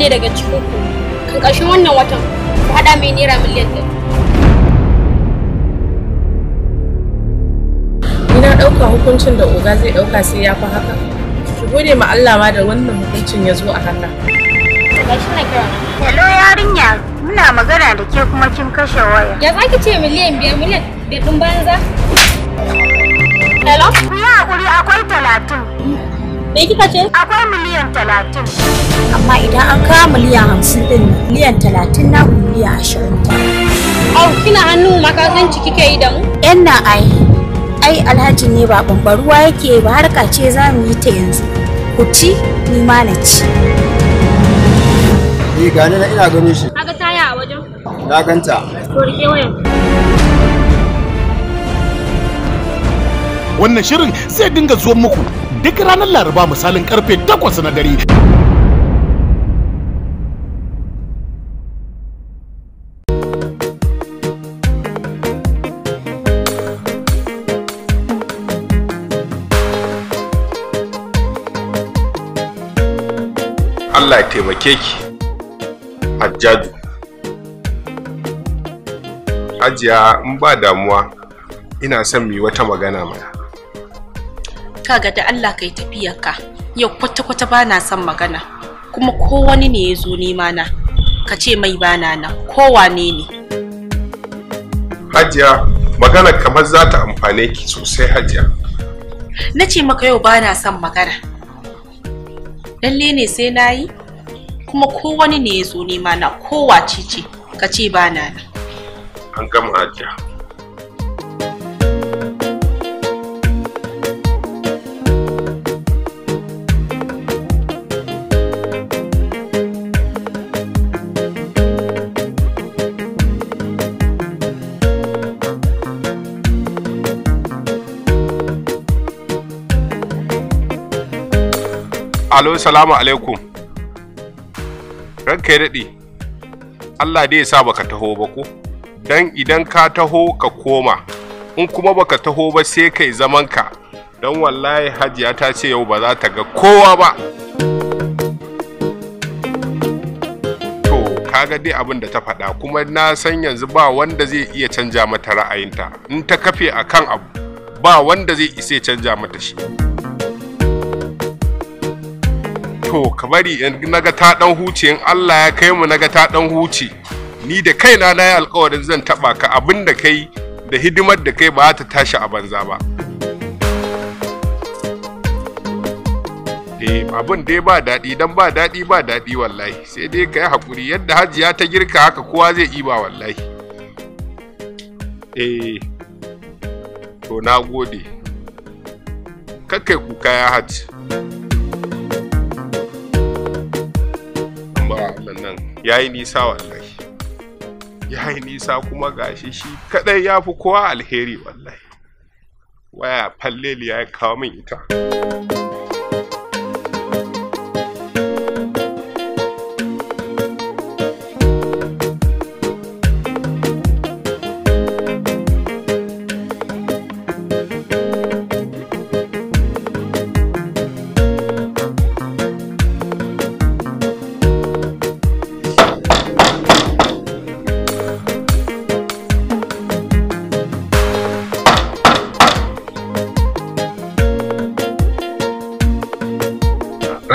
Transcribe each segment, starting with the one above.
ne daga cikin ku kan ƙarshen wannan watan ku haɗa mai naira miliyan ɗari. Ina ɗauka hukuncin da oga zai ɗauka sai ya fi haka. Ki gode ma Allah ma da wannan hukuncin ya zo a haka. Hello yarinya muna magana da ke kuma kin kashe waya. Ya za ki ce miliyan biyar miliyan biyar ɗin banza? Hello? Ku yi haƙuri akwai talatin. Me kika ce? Akwai miliyan talatin. Amma idan an kawo miliyan hamsin ɗin miliyan talatin na miliyan ashirin ta. Au, kina hannu makasanci kike yi da mu? Yan na ai, ai alhaji ne ba ruwa yake ba harka ce za mu yi ta yanzu. Ku ci, ni ma na ci. Eh, gani na ina ganin shi. ga taya a wajen? Na ganta. To rike wayan. wannan shirin zai dinga zuwan muku duk ranar laraba misalin karfe 8 na dare Allah ya taimake ki Hajjaju in ba damuwa ina son mu yi wata magana mana Ka ga da Allah kai tafiyarka yau kwata-kwata ba na son magana kuma ko wani ne ya zo nema na ka ce mai ba na nan ko wane ne hajiya magana kamar za ta amfane ki sosai hajiya na ce maka yau ba na son magana lalle ne sai na yi kuma ko wani ne ya zo nema na ko wace ce ka ce na nan an gama hajiya alo salamu alaikum ranka ya daɗe allah dai ya sa baka taho ba ko dan idan ka taho ka koma in kuma baka taho ba sai kai zaman ka don wallahi hajiya ta ce yau ba za ta ga kowa ba to kaga dai abin da ta faɗa kuma na san yanzu ba wanda zai iya canja mata ra'ayinta in ta kafe akan abu ba wanda zai isa canja mata shi to ka bari eh, naga ta dan huce in Allah ya kai mu naga ta dan huce ni da kaina na yi alkawarin zan taba ka abin da kai da hidimar da kai ba ta tashi a banza ba eh abin dai ba daɗi dan ba daɗi ba daɗi wallahi sai dai ka yi hakuri, yadda hajiya ta girka haka kowa zai yi ba wallahi eh to na gode kakkai kuka ya hajji ya yi nisa wallahi ya yi nisa kuma gashi shi kadai ya fi kowa alheri wallahi waya falleli ya kawo min ita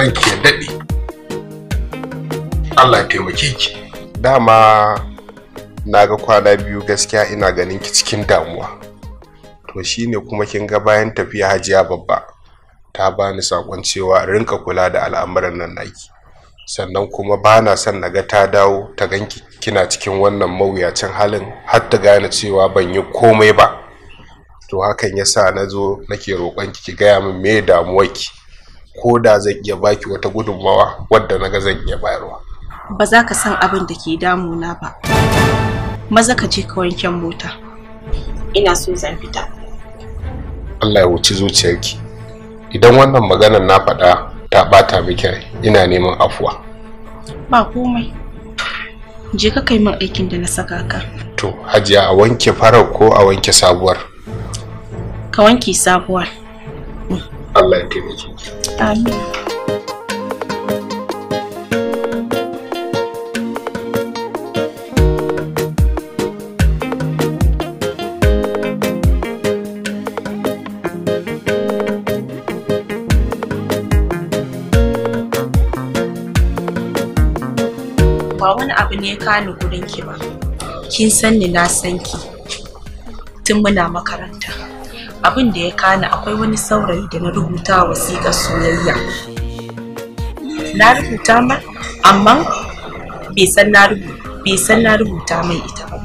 ranki ya daɗe allah ya taimake ki dama na ga kwana biyu gaskiya ina ganin ki cikin damuwa to shine kuma kin ga bayan tafiya hajiya babba ta bani sakon cewa rinka kula da al'amuran nan naki sannan kuma ba na son na ga ta dawo ta ganki kina cikin wannan mawuyacin halin har ta gane cewa ban yi komai ba to hakan yasa na zo nake roƙon ki gaya min me damuwarki ko da zan iya baki wata gudunmawa wadda naga zan iya bayarwa ba za ka san abin da ke damuna ba maza ka je ka wankin mota ina so zan fita Allah ya wuce zuciyarki idan wannan maganar na faɗa ta bata miki rai ina neman afuwa ba komai je ka kai min aikin da na saka ka to hajiya a wanke farar ko a wanke sabuwar ka wanke sabuwar mm. Allah ya taimake amin ba wani abu ne ka ni gurin ki ba kin san ni na sanki, tun muna makaranta abin da ya kana akwai wani saurayi da na rubuta wasiƙa soyayya na rubuta ma amma bai san na rubuta mai ita ba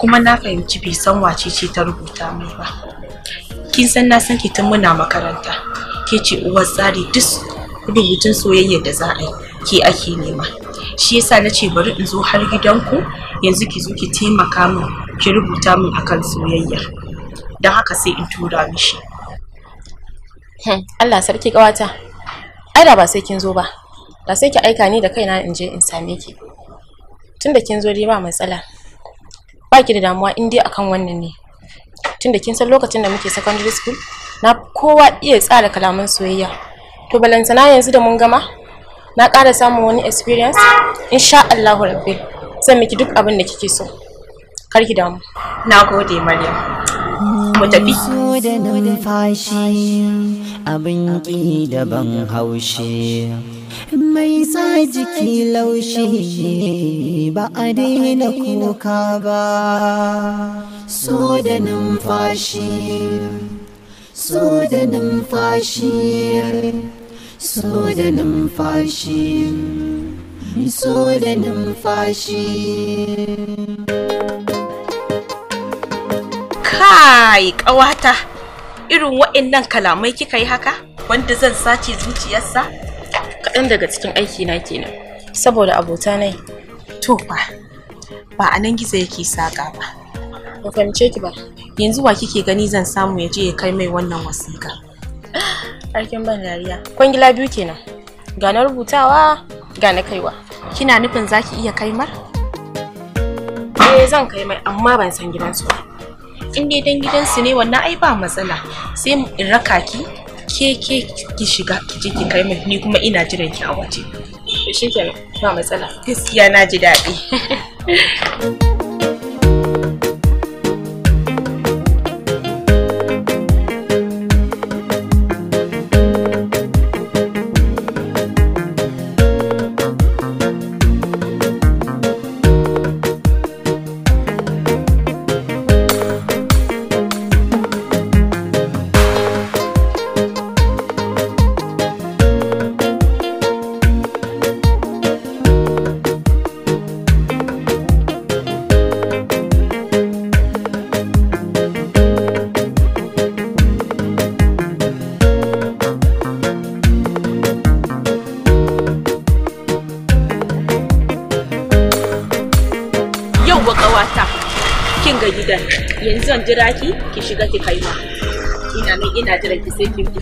kuma na fahimci bai san wace ce ta rubuta mai ba kin san na san tun muna makaranta ke ce uwar tsari duk rubutun soyayya da za a yi ke ake nema shi yasa na ce bari in zo har gidanku yanzu ki zo ki taimaka min ki rubuta min akan soyayya don haka sai in tura mishi hmm. Allah sarki kawata ai da ba sai kin zo ba da sai ki aika ni da kaina in je in same ki tunda kin zo dai ba matsala ba ki da damuwa in dai akan wannan ne tunda kin san lokacin da muke secondary school na kowa iya tsara kalaman soyayya to balantana yanzu da mun gama na ƙara samun wani experience insha Allahu rabbi zan miki duk abin da kike so kar ki damu nagode maryam mu tafi abin ki da ban haushi mai sa jiki laushi ba a daina kuka ba so da numfashi so da numfashi so da numfashi so da numfashi kai ƙawata irin wa'annan kalamai kika yi haka wanda zan sace zuciyarsa kaɗan daga cikin aiki na kenan saboda abota ne to fa ba a nan gizo yake saƙa ba ba fahimce ki ba yanzu wa kike gani zan samu ya je ya kai mai wannan wasiƙa aikin ban dariya kwangila biyu kenan ga na rubutawa ga na kaiwa kina nufin zaki iya kai mar eh zan kai mai amma ban san gidansu ba in dai dan su ne wannan ai ba matsala sai in raka ki ke ke ki shiga ki je ki kai min ni kuma ina jiran ki a waje shikenan ba matsala gaskiya na ji daɗi jira ki ki shiga ki kai ma ina nan ina jiran ki sai fito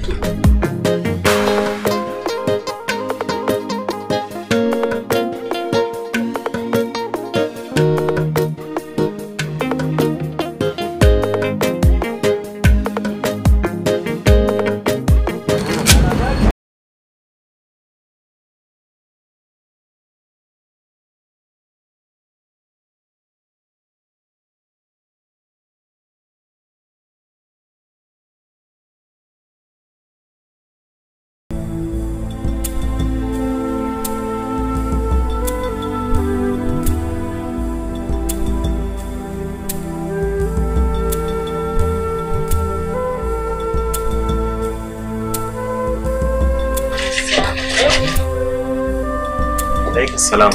salam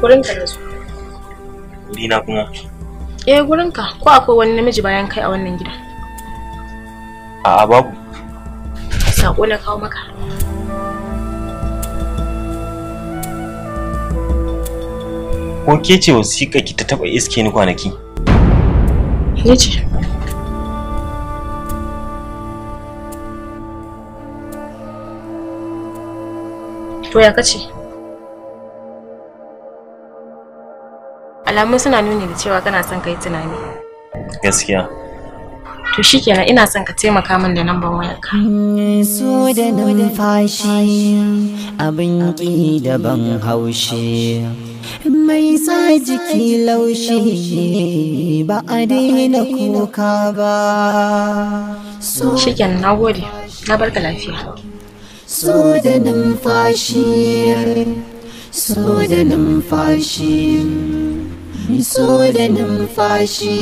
gurinka da su gurina kuma eh gurinka ko akwai wani namiji bayan kai a wannan gida a'a babu sako na kawo maka ko ke ce wasiƙa ki ta taɓa iske ni kwanaki ni ce To ya kace? Alamun suna nuni da cewa kana son ka yi tunani. Gaskiya. To shikenan ina son ka taimaka min da lambar wayarka. So da numfashi abin ki da ban haushi. Mai sa jiki laushi ba a daina kuka ba. Shikenan na gode, na barka lafiya. so da numfashi so da numfashi so da numfashi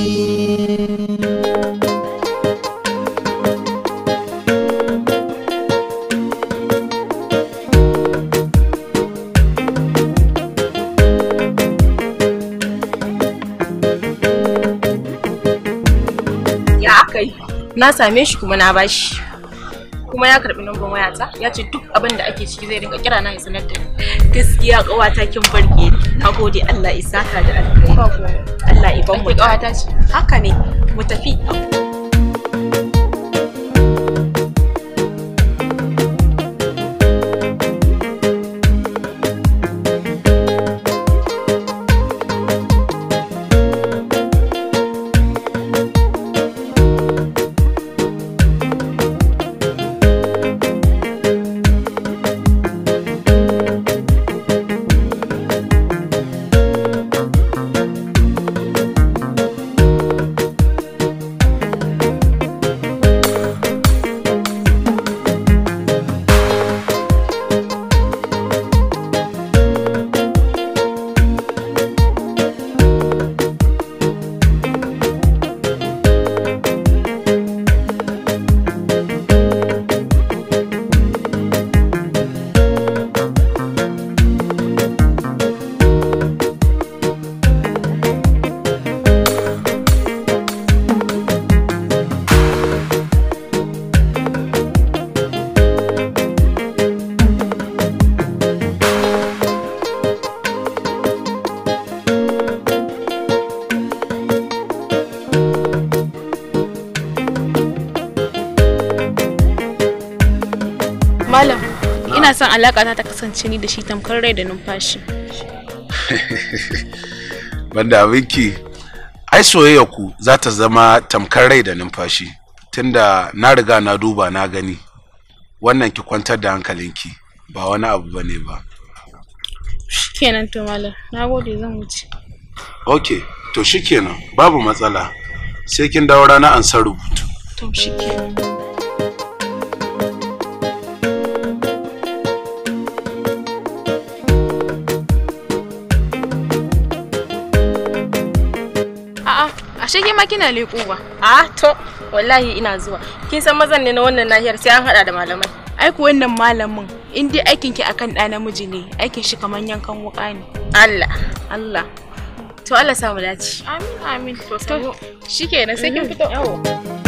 na same shi kuma na bashi. kuma ya karbi numban wayata ya ce duk abin da ake ciki zai dinga kira na ya sanar da ni gaskiya kawata kin barke na gode Allah isaka da alkhairi Allah ibanku mu kawata ce haka ne mu tafi alaka ta kasance ni da shi tamkar rai da numfashi banda abinki ai soyayya ku za ta zama tamkar rai da numfashi tunda na riga na duba na gani wannan ki kwantar da hankalinki ba wani abu ba ne ba shikenan to malam na gode zan wuce ok to shikenan babu matsala sai kin dawo rana an san rubutu to shikenan ashe ke ma kina leƙowa a to wallahi ina zuwa kin san mazan ne na wannan nahiyar sai an hada da malamai aiki wannan malamin in dai aikin ki akan ɗa namiji ne aikin shi kamar yankan wuka ne Allah Allah to Allah samu dace amin amin to shikenan sai kin mhm, fito yawo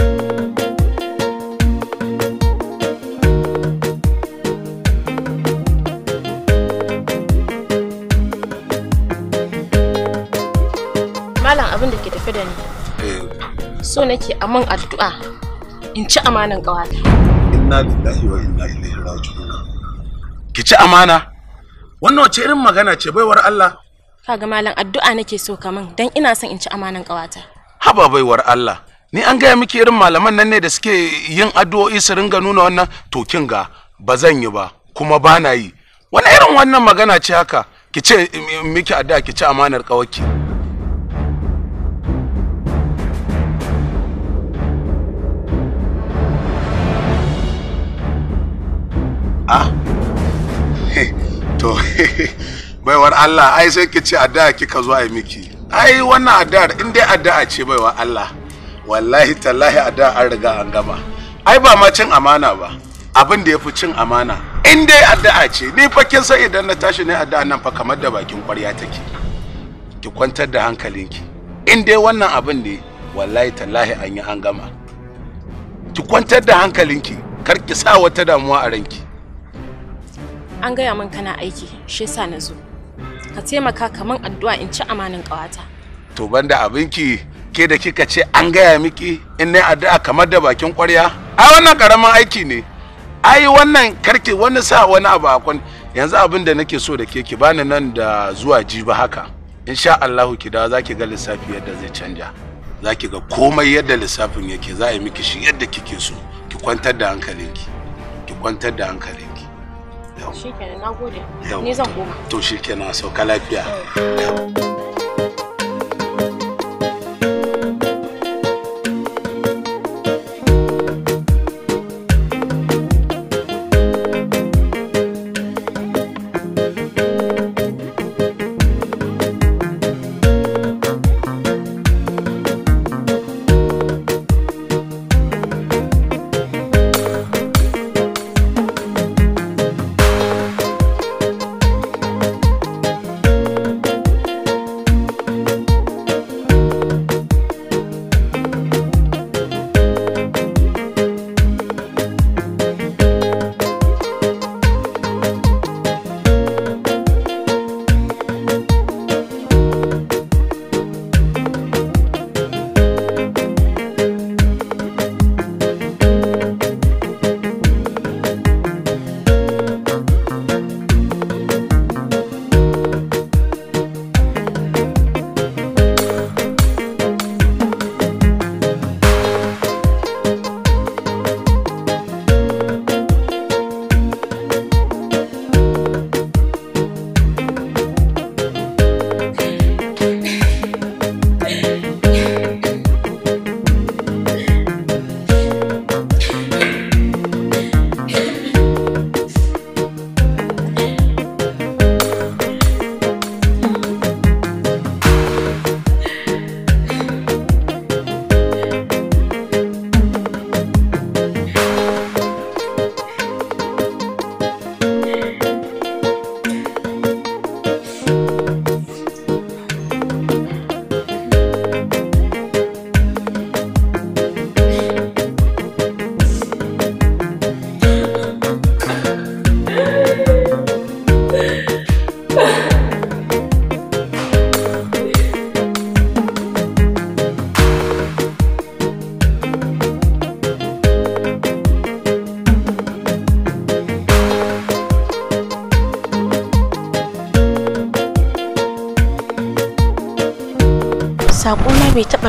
malam abin da ke tafi da ni so nake a man addu'a in ci amanan ƙawata inna lillahi wa inna ilaihi raji'un ki ci amana wannan wace irin magana ce baiwar Allah kaga malam addu'a nake so kaman dan ina son in ci amanan ƙawata haba baiwar Allah ni an gaya miki irin malaman nan ne da suke yin addu'o'i su ringa nuna wannan to kin ga ba zan yi ba kuma ba na yi wani irin wannan magana ce haka ki ce miki addu'a ki ci amanar ƙawarki ah to baiwar Allah ai sai ki ce addu'a kika zo ai miki ai wannan addu'ar in dai addu'a ce baiwar Allah wallahi tallahi addu'a an riga an gama ai ba ma cin amana ba abin da ya fi cin amana in dai addu'a ce ni fa kin san idan na tashi ne addu'a nan fa kamar da bakin ƙwarya take ki kwantar da hankalinki in dai wannan abin ne wallahi tallahi an yi an gama ki kwantar da hankalinki kar ki sa wata damuwa a ranki an gaya min kana aiki shi yasa na zo ka taimaka kaman addu'a in ci amanin ƙawata to banda abinki ke da kika ce an gaya miki in ne addu'a kamar da bakin ƙwarya ai wannan karamin aiki ne ai wannan karki wani sa wani abu akon yanzu abin da nake so da ke ki bani nan da zuwa jiba haka insha Allahu ki dawo zaki ga lissafi yadda zai canja zaki ga komai yadda lissafin yake za a yi miki shi yadda kike so ki kwantar da hankalinki ki kwantar da hankali shikenan na gode ni zan goma to shikenan sauka lafiya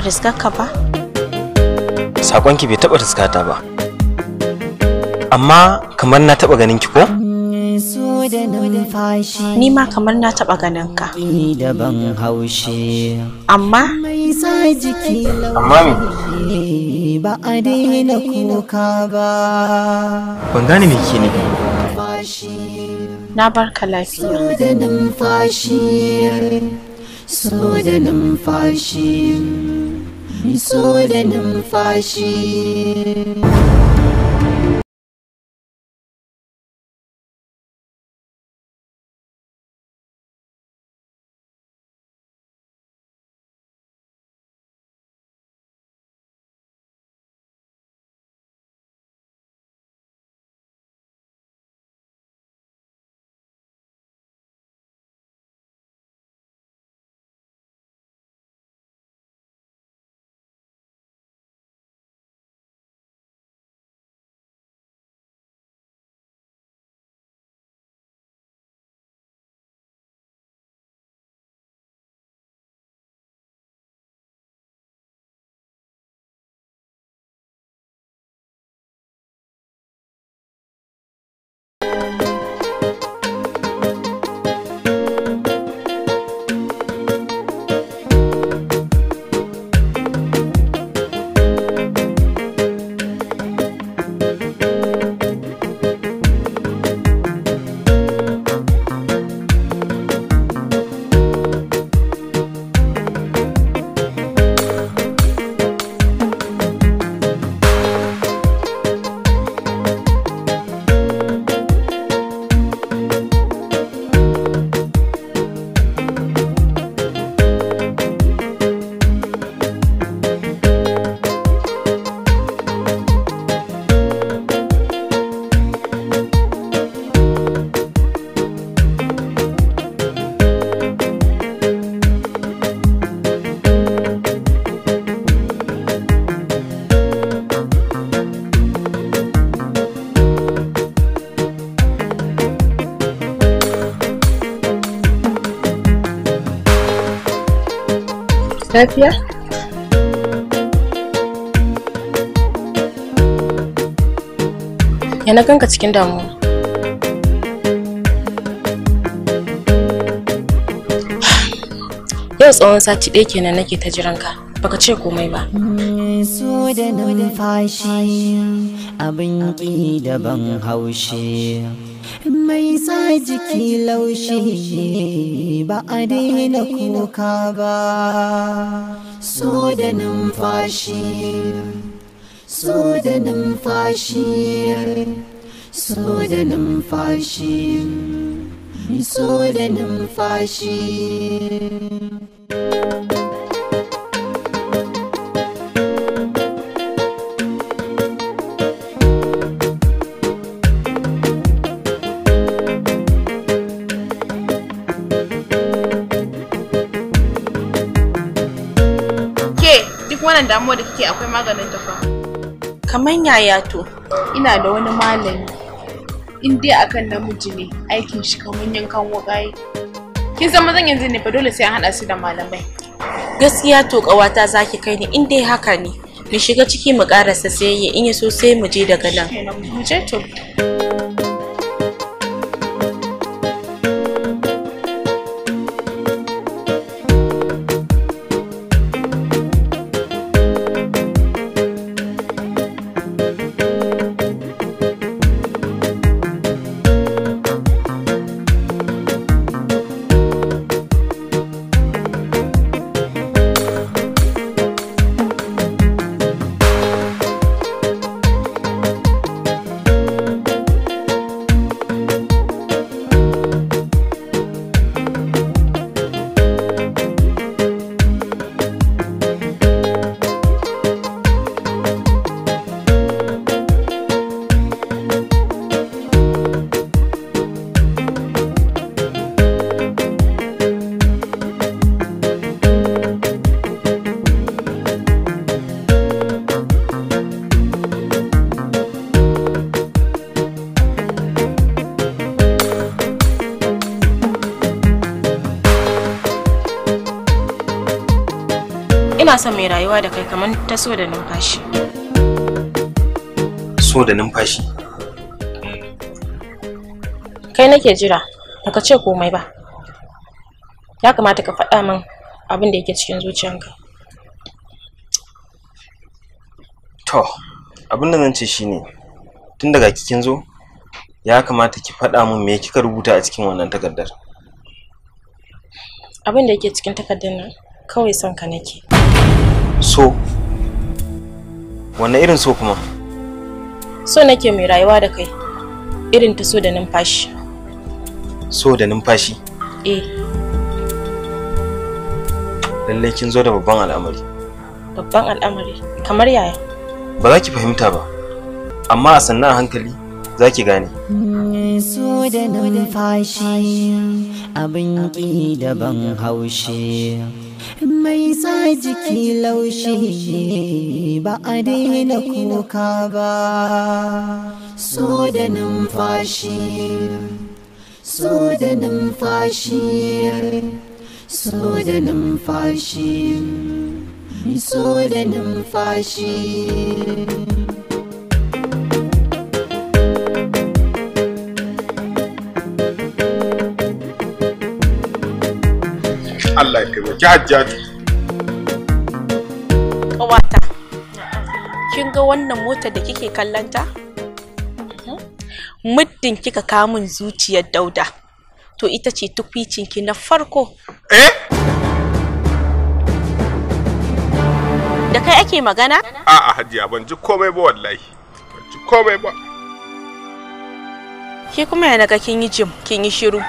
riskarka ba? Sakonki bai taɓa riskata ba. Amma kamar na taɓa ganin ki ko? Ni ma kamar na taɓa ganin ka. Ni daban haushi. Amma? Amma mi? Ba a daina kuka ba. Ban gane me ke nufi. Na barka lafiya. So da numfashi. so da numfashi 你所谓的能发现？lafiya? Ya na ganka cikin damuwa. Yau tsawon sati ɗaya kenan nake ta jiran ka baka ce komai ba. su da numfashi abin ƙi da ban haushi. mai sa jiki laushi ba a daina kuka ba so da numfashi so da numfashi so da numfashi so da numfashi duk wannan damuwar da kike akwai maganin ta fa kamar yaya to ina da wani malami in dai akan namiji ne aikin shi kamar yankan wuƙa kin san mazan yanzu ne fa dole sai an hada su da malamai gaskiya to ƙawata zaki kai ni in dai haka ne mu shiga ciki mu ƙarasa sayayya in ya so sai mu je daga nan mu je to rayuwa da kai kamar ta so da numfashi so da numfashi kai nake jira baka ce komai ba ya kamata ka faɗa min abin da yake cikin zuciyanka to abin da zan ce shine tun daga kikin zo ya kamata ki faɗa min me kika rubuta a cikin wannan takardar abin da yake cikin takardar nan kawai son ka nake so wanne irin so kuma so nake mai rayuwa da kai irin ta so da numfashi so da numfashi eh lallai kin zo da babban al'amari babban al'amari kamar yaya ba za ki fahimta ba amma a sannan hankali za ki gane so da numfashi abin ki daban haushi mai sa jiki laushi ba a daina kuka ba so da numfashi so da numfashi so da numfashi so da numfashi Allah ya kai ki kawata kin ga wannan motar da kike kallanta hmm? muddin kika kamun zuciyar dauda to ita ce tukwicinki na farko eh da kai ake magana a'a hajiya ban ji komai ba wallahi ban ji komai ba ki kuma yana ga kin yi jim kin yi shiru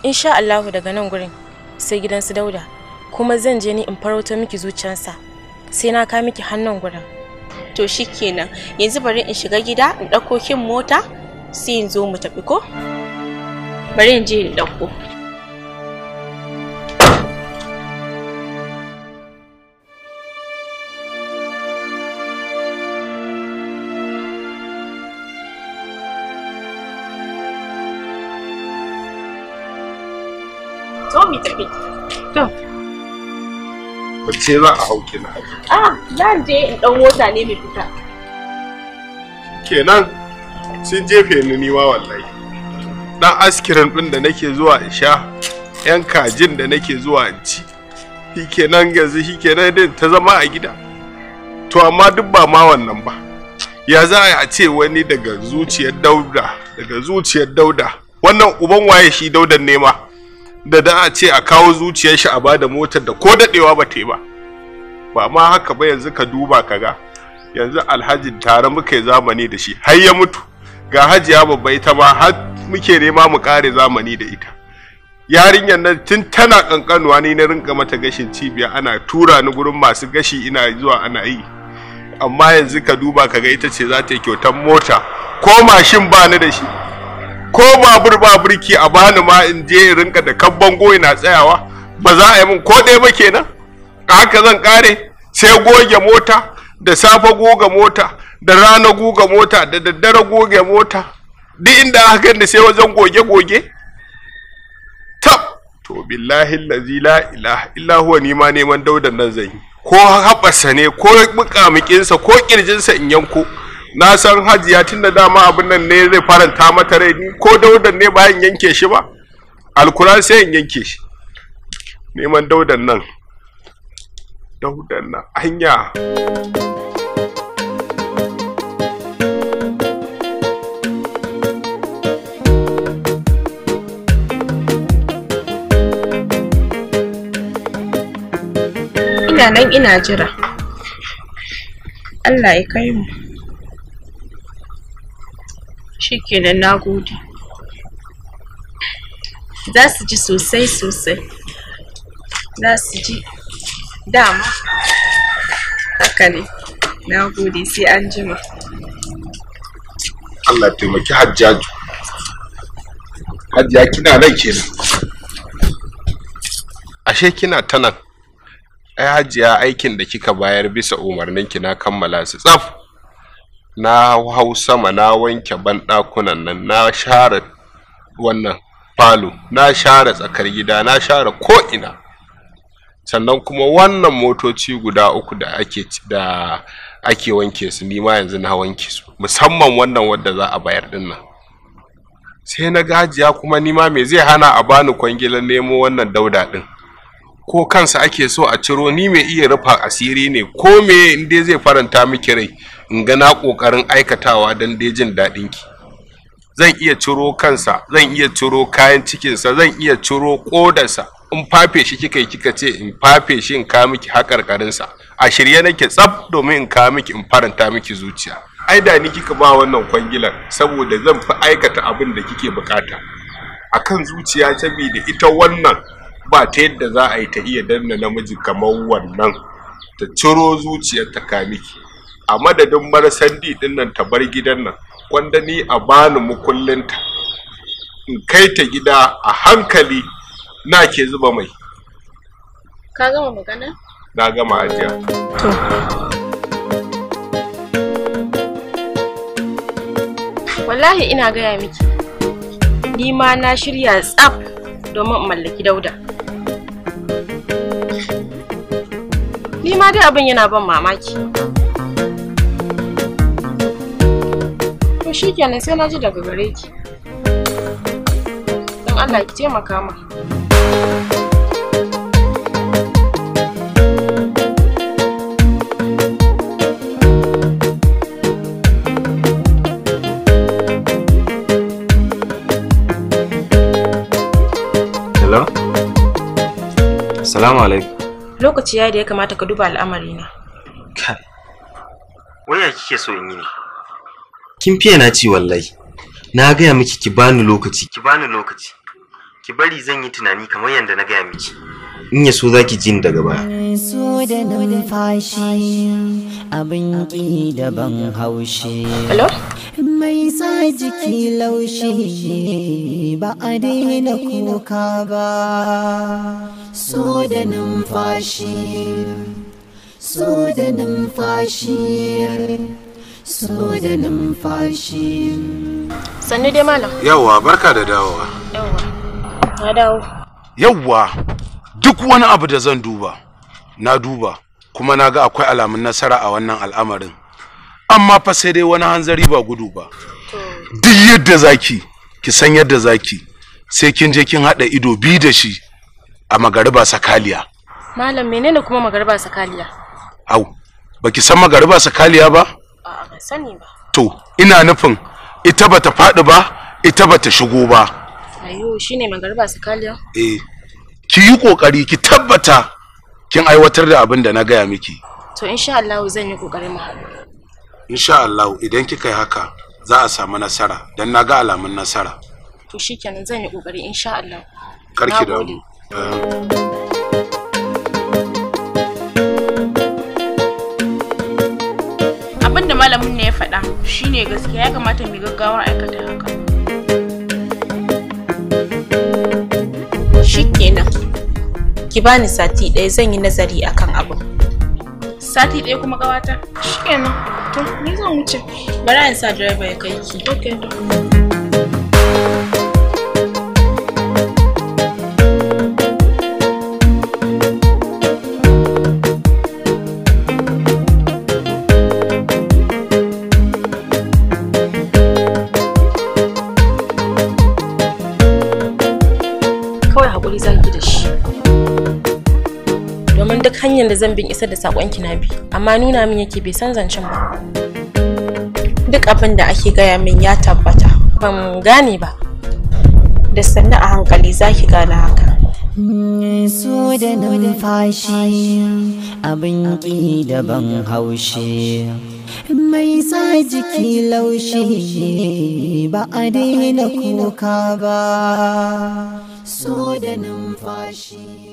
insha Allah daga nan gurin sai gidan su dauda kuma zan je ni in farauta miki zuciyarsa sai na ka miki hannun gurin to shikenan yanzu bari in shiga gida in ɗauko kin mota sai in zo mu tafi ko bari in je in ɗauko Wace za a hau kina? Ah, zan je in ɗan mota ne mai fita. Kenan sun jefe ni nima wallahi. Ɗan askirin ɗin da nake zuwa in sha, ‘yan kajin da nake zuwa in ci, shi kenan yanzu shi kenan din ta zama a gida. To amma duk ba ma wannan ba. Ya za a ce wani daga zuciyar dauda, daga zuciyar dauda, wannan uban waye shi daudan nema. da da a ce a kawo zuciyar shi a bada motar da ko dadewa ba ta yi ba ba ma haka ba yanzu ka duba ka ga yanzu alhaji tare yi zamani da shi har ya mutu ga hajiya babba ita ma har muke nema mu kare zamani da ita yarinyar nan tun tana kankanuwa ne na rinka mata gashin cibiya ana tura ni gurin masu gashi ina zuwa ana yi amma yanzu ka duba ka ga ita ce za ta yi kyautar mota ko mashin ba ni da shi ko babur ba burki a bani ma in je in rinka da kan bango ina tsayawa ba za a yi min ko ɗaya ba kenan a haka zan kare sai goge mota da safe goge mota da rana goge mota da daddare goge mota duk inda aka da sai wajen goge-goge tab to billahi lazi la ilaha illa huwa ni ma neman daudan nan zan yi ko haɓasa ne ko mukamukinsa ko ƙirjinsa in yanko na san hajiya tun da dama abin nan ne zai faranta mata rai ni ko daudan ne bayan yanke shi ba alkuran sai in yanke shi neman daudan nan daudan nan hanya ina nan ina jira Allah ya kai mu shikenan nagode za su ji sosai sosai za su ji dama haka ne nagode sai an jima Allah taimaki hajjaju hajiya kina nan kenan ashe kina ta nan ai hajiya aikin da kika bayar bisa umarninki na kammala su tsaf na hau sama na wanke banɗakunan nan na share wannan falo na share tsakar gida na share ko'ina sannan kuma wannan motoci guda uku da ake da ake wanke su ni ma yanzu na wanke su musamman wannan wadda za a bayar din nan sai na gajiya kuma ni ma me zai hana a bani kwangilan nemo wannan dauda din ko kansa ake so a ciro ni mai iya rufa asiri ne ko me inda zai faranta miki rai in ga na ƙoƙarin aikatawa don dai jin daɗin ki zan iya ciro kansa zan iya ciro kayan cikinsa zan iya ciro ƙodarsa in fafe shi kika yi kika ce in fafe shi in kawo miki haƙarƙarinsa a shirye nake tsaf domin in kawo miki in faranta miki zuciya ai da ni kika ba wannan kwangilar saboda zan fi aikata abin da kike bukata akan zuciya ta bi da ita wannan ba ta yadda za a yi ta iya danna namiji kamar wannan ta ciro zuciyar ta miki. a madadin di din nan ta bar gidan nan wanda ni a bani ta in kai ta gida a hankali na ke zuba mai ka gama magana na gama ajiya wallahi ina gaya miki ni ma na shirya tsaf domin mallaki dauda ni ma dai abin yana ban mamaki to shi kenan sai na ji daga gare ki don allah ki taimaka ma Hello? Salamu alaikum. Lokaci ya da ya kamata ka duba al'amari al'amarina. Wai ya kike so in yi ne? kin fiye na ci wallahi na gaya miki ki bani lokaci ki bani lokaci ki bari zan yi tunani kamar yadda na gaya miki in ya so za ki jin daga baya. So da numfashi abin da daban haushi. Hello? Mai sa jiki laushi ba a daina kuka ba. So da numfashi, so da numfashi. da numfashi sannu dai malam yawwa barka da dawowa yawwa na dawo yawwa duk wani abu da zan duba na duba kuma na ga akwai alamun nasara a wannan al'amarin amma fa sai dai wani hanzari ba gudu ba duk yadda zaki ki san yadda zaki sai kin je kin haɗa ido bi da shi a magariba sakaliya malam menene kuma magariba sakaliya au baki san magariba sakaliya ba A'a ban sani ba. To ina nufin ita bata faɗi ba ita bata shigo ba. Ayo shine su sakaliya. Eh. Ki yi kokari ki tabbata kin aiwatar da abin da na gaya miki. To insha Allah zan yi kokarin mu haɗu. Insha Allah idan kika yi haka za a samu nasara dan na ga alamun nasara. To shikenan zan yi kokari insha Allah. Karki da. Uh... Eh. malamin ne ya faɗa shine gaskiya ya kamata mu gaggawar aikata haka shikenan ki bani sati ɗaya zan yi nazari akan abin sati ɗaya kuma gawata shikenan to ni zan wuce bari in sa direba ya kai ki okay to da zan bin isar da saƙonki na bi amma nuna min yake bai san zancen ba duk abin da ake gaya min ya tabbata ban gane ba da sannu a hankali zaki gane haka so da numfashi abin ƙi daban haushi mai sa jiki laushi ba a daina kuka ba so da numfashi